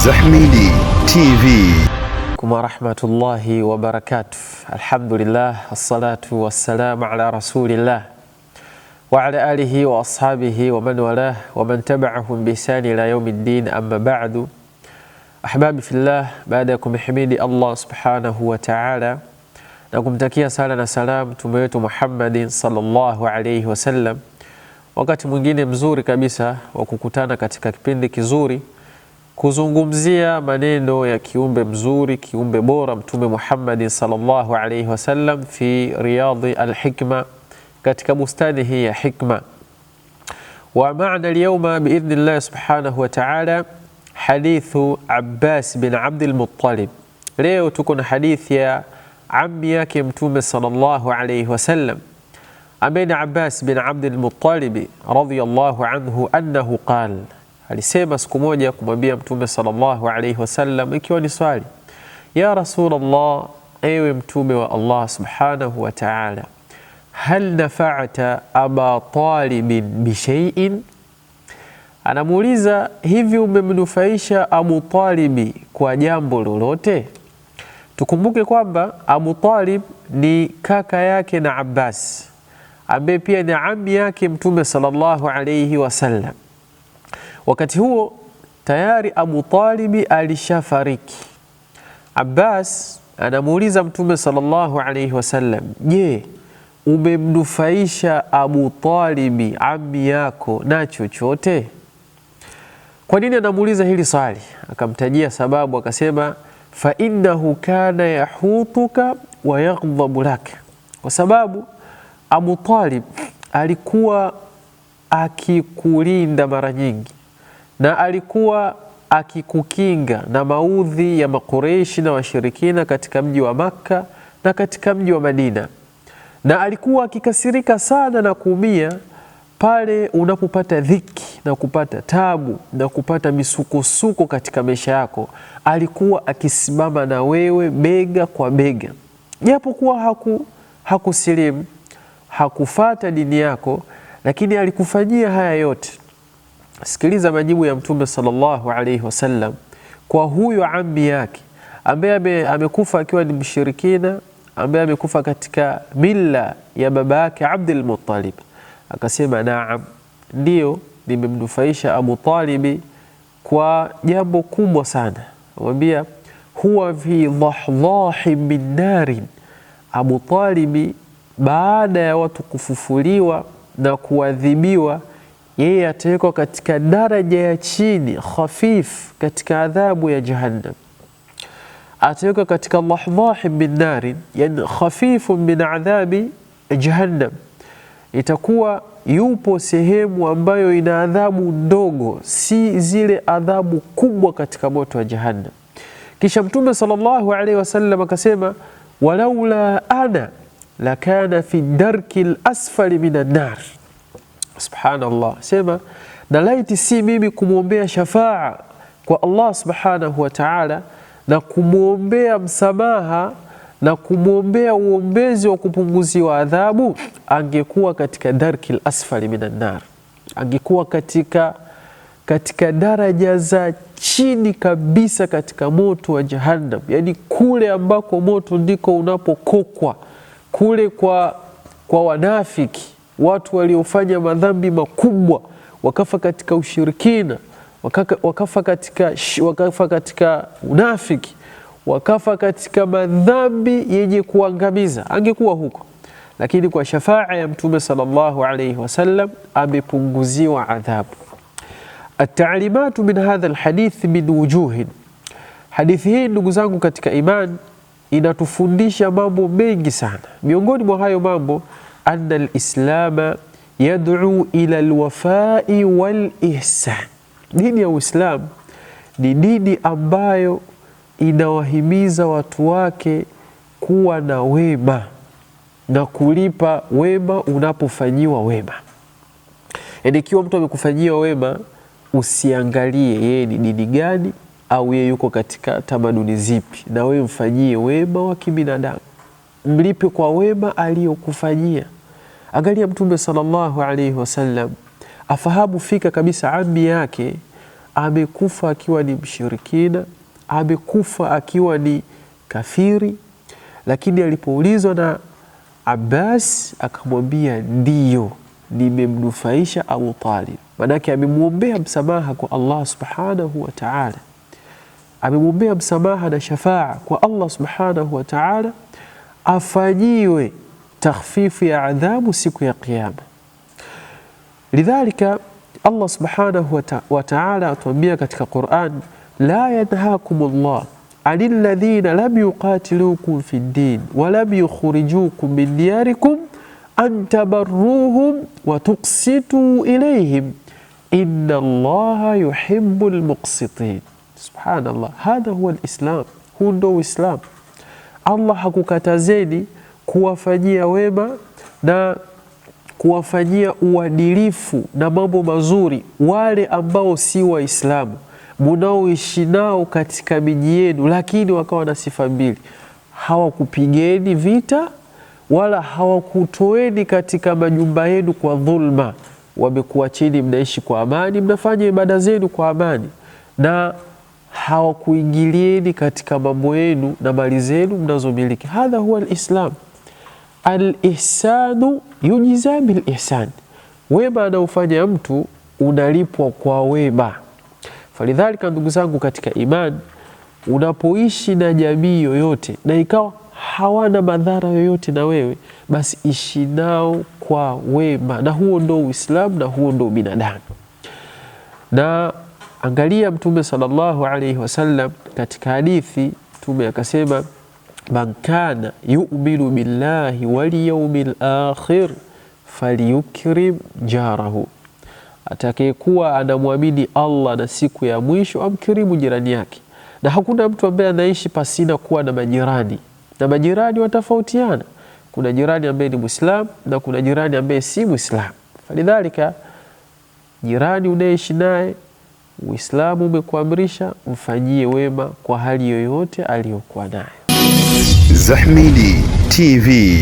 زحميلي تي في ورحمة الله وبركاته الحمد لله الصلاة والسلام على رسول الله وعلى آله وأصحابه ومن والاه ومن تبعهم بإحسان إلى يوم الدين أما بعد أحبابي في الله بعدكم حميد الله سبحانه وتعالى نقوم تكيا سالنا سلام تميت محمد صلى الله عليه وسلم وقت مجيني مزوري كبيسة kabisa wa kukutana katika kuzungumzia maneno ya kiumbe mzuri kiumbe bora Mtume Muhammad sallallahu alayhi wasallam fi riyadi alhikma, katika bustani hii ya hikma. Wa maana alyawma biidhni llahi subhanahu wa ta'ala hadithu Abbas bin Abdul Muttalib. Leo tuko na hadithi ya ammi yake Mtume sallallahu alayhi wasallam ambaye ni Abbas bin Abdul Muttalib radiyallahu anhu annahu qala alisema siku moja kumwambia Mtume sallallahu alaihi wasallam ikiwa ni swali, ya Rasulullah, ewe Mtume wa Allah subhanahu wa ta'ala, hal nafata aba talibin bishaiin, anamuuliza hivi, umemnufaisha Abu Talibi kwa jambo lolote? Tukumbuke kwamba Abu Talib ni kaka yake na Abbas ambaye pia ni ami yake Mtume sallallahu alaihi wasallam Wakati huo tayari Abu Talibi alishafariki. Abbas anamuuliza Mtume sallallahu alaihi wasallam, je, umemnufaisha Abu Talibi ami yako na chochote? Kwa nini anamuuliza hili swali? Akamtajia sababu, akasema fa innahu kana yahutuka wa yaghdhabu lak, kwa sababu Abu Talib alikuwa akikulinda mara nyingi na alikuwa akikukinga na maudhi ya Makureishi na washirikina katika mji wa Makka na katika mji wa Madina, na alikuwa akikasirika sana na kuumia pale unapopata dhiki na kupata tabu na kupata misukosuko katika maisha yako. Alikuwa akisimama na wewe bega kwa bega, japo haku hakusilimu hakufata dini yako, lakini alikufanyia haya yote Sikiliza majibu ya Mtume sallallahu alaihi wasallam kwa huyo ami yake ambaye amekufa akiwa ni mshirikina, ambaye amekufa katika mila ya baba yake Abdul Muttalib. Akasema, naam, ndiyo nimemnufaisha Abu Talib kwa jambo kubwa sana. Amwambia, huwa fi dhahdhahi min narin, Abu Talib baada ya watu kufufuliwa na kuadhibiwa yeye atawekwa katika daraja ya chini khafif katika adhabu ya jahannam, atawekwa katika lahdhahi min narin, yani khafifu min adhabi jahannam. Itakuwa yupo sehemu ambayo ina adhabu ndogo, si zile adhabu kubwa katika moto wa jahannam. Kisha Mtume sallallahu alaihi wasallam akasema, walaula ana lakana fi darki lasfali min annar Subhanallah, sema na laiti si mimi kumwombea shafaa kwa Allah subhanahu wa ta'ala, na kumwombea msamaha na kumwombea uombezi wa kupunguziwa adhabu, angekuwa katika darkil asfali minan nar, angekuwa katika, katika daraja za chini kabisa katika moto wa Jahannam, yaani kule ambako moto ndiko unapokokwa kule kwa, kwa wanafiki watu waliofanya madhambi makubwa wakafa katika ushirikina, wakafa, katika, wakafa katika unafiki, wakafa katika madhambi yenye kuangamiza, angekuwa huko lakini kwa shafaa ya Mtume sallallahu alayhi wasallam amepunguziwa adhabu. Ataalimatu min hadha lhadithi min wujuhin, hadithi hii ndugu zangu katika iman inatufundisha mambo mengi sana. Miongoni mwa hayo mambo anna lislama yad'u ila lwafai walihsan, dini ya Uislamu ni dini ambayo inawahimiza watu wake kuwa na wema na kulipa wema unapofanyiwa wema. Yaani, ikiwa mtu amekufanyia wema, usiangalie yeye ni dini gani au yeye yuko katika tamaduni zipi, na wewe mfanyie wema wa kibinadamu mlipe kwa wema aliyokufanyia. Angalia Mtume sallallahu alaihi wasallam afahamu fika kabisa ami yake amekufa akiwa ni mshirikina, amekufa akiwa ni kafiri, lakini alipoulizwa na Abbas akamwambia ndiyo, nimemnufaisha Abu Talib. Maanake amemwombea msamaha kwa Allah subhanahu wa taala, amemwombea msamaha na shafaa kwa Allah subhanahu wa taala afanyiwe takhfifu ya adhabu siku ya Kiyama. Lidhalika, Allah subhanahu wa ta'ala atuambia katika Qur'an, la yanhakumullah anil ladhina lam yuqatilukum fi ddin wa lam yukhrijukum min diyarikum an tabarruhum wa tuqsitu ilayhim inna Allaha yuhibbul muqsitin. Subhanallah, hadha huwa al-Islam, huu ndo Uislamu. Allah hakukatazeni kuwafanyia wema na kuwafanyia uadilifu na mambo mazuri wale ambao si Waislamu munaoishi nao katika miji yenu, lakini wakawa na sifa mbili: hawakupigeni vita wala hawakutoeni katika majumba yenu kwa dhulma. Wamekuwa chini, mnaishi kwa amani, mnafanya ibada zenu kwa amani na hawakuingilieni katika mambo yenu na mali zenu mnazomiliki. Hadha huwa lislam. Alihsanu yujiza bilihsan, wema anaofanya mtu unalipwa kwa wema. Falidhalika, ndugu zangu katika iman unapoishi na jamii yoyote na ikawa hawana madhara yoyote na wewe, basi ishi nao kwa wema, na huo ndo Uislamu na huo ndo binadamu na Angalia Mtume sallallahu alaihi wasallam katika hadithi, Mtume akasema man kana yuminu billahi wal yawmil akhir falyukrim jarahu, atakayekuwa anamwamini Allah na siku ya mwisho amkirimu jirani yake. Na hakuna mtu ambaye anaishi pasina kuwa na majirani, na majirani watafautiana. Kuna jirani ambaye ni Mwislamu na kuna jirani ambaye si Mwislamu. Falidhalika, jirani unayeishi naye Uislamu umekuamrisha mfanyie wema kwa hali yoyote aliyokuwa nayo. Zahmidi TV.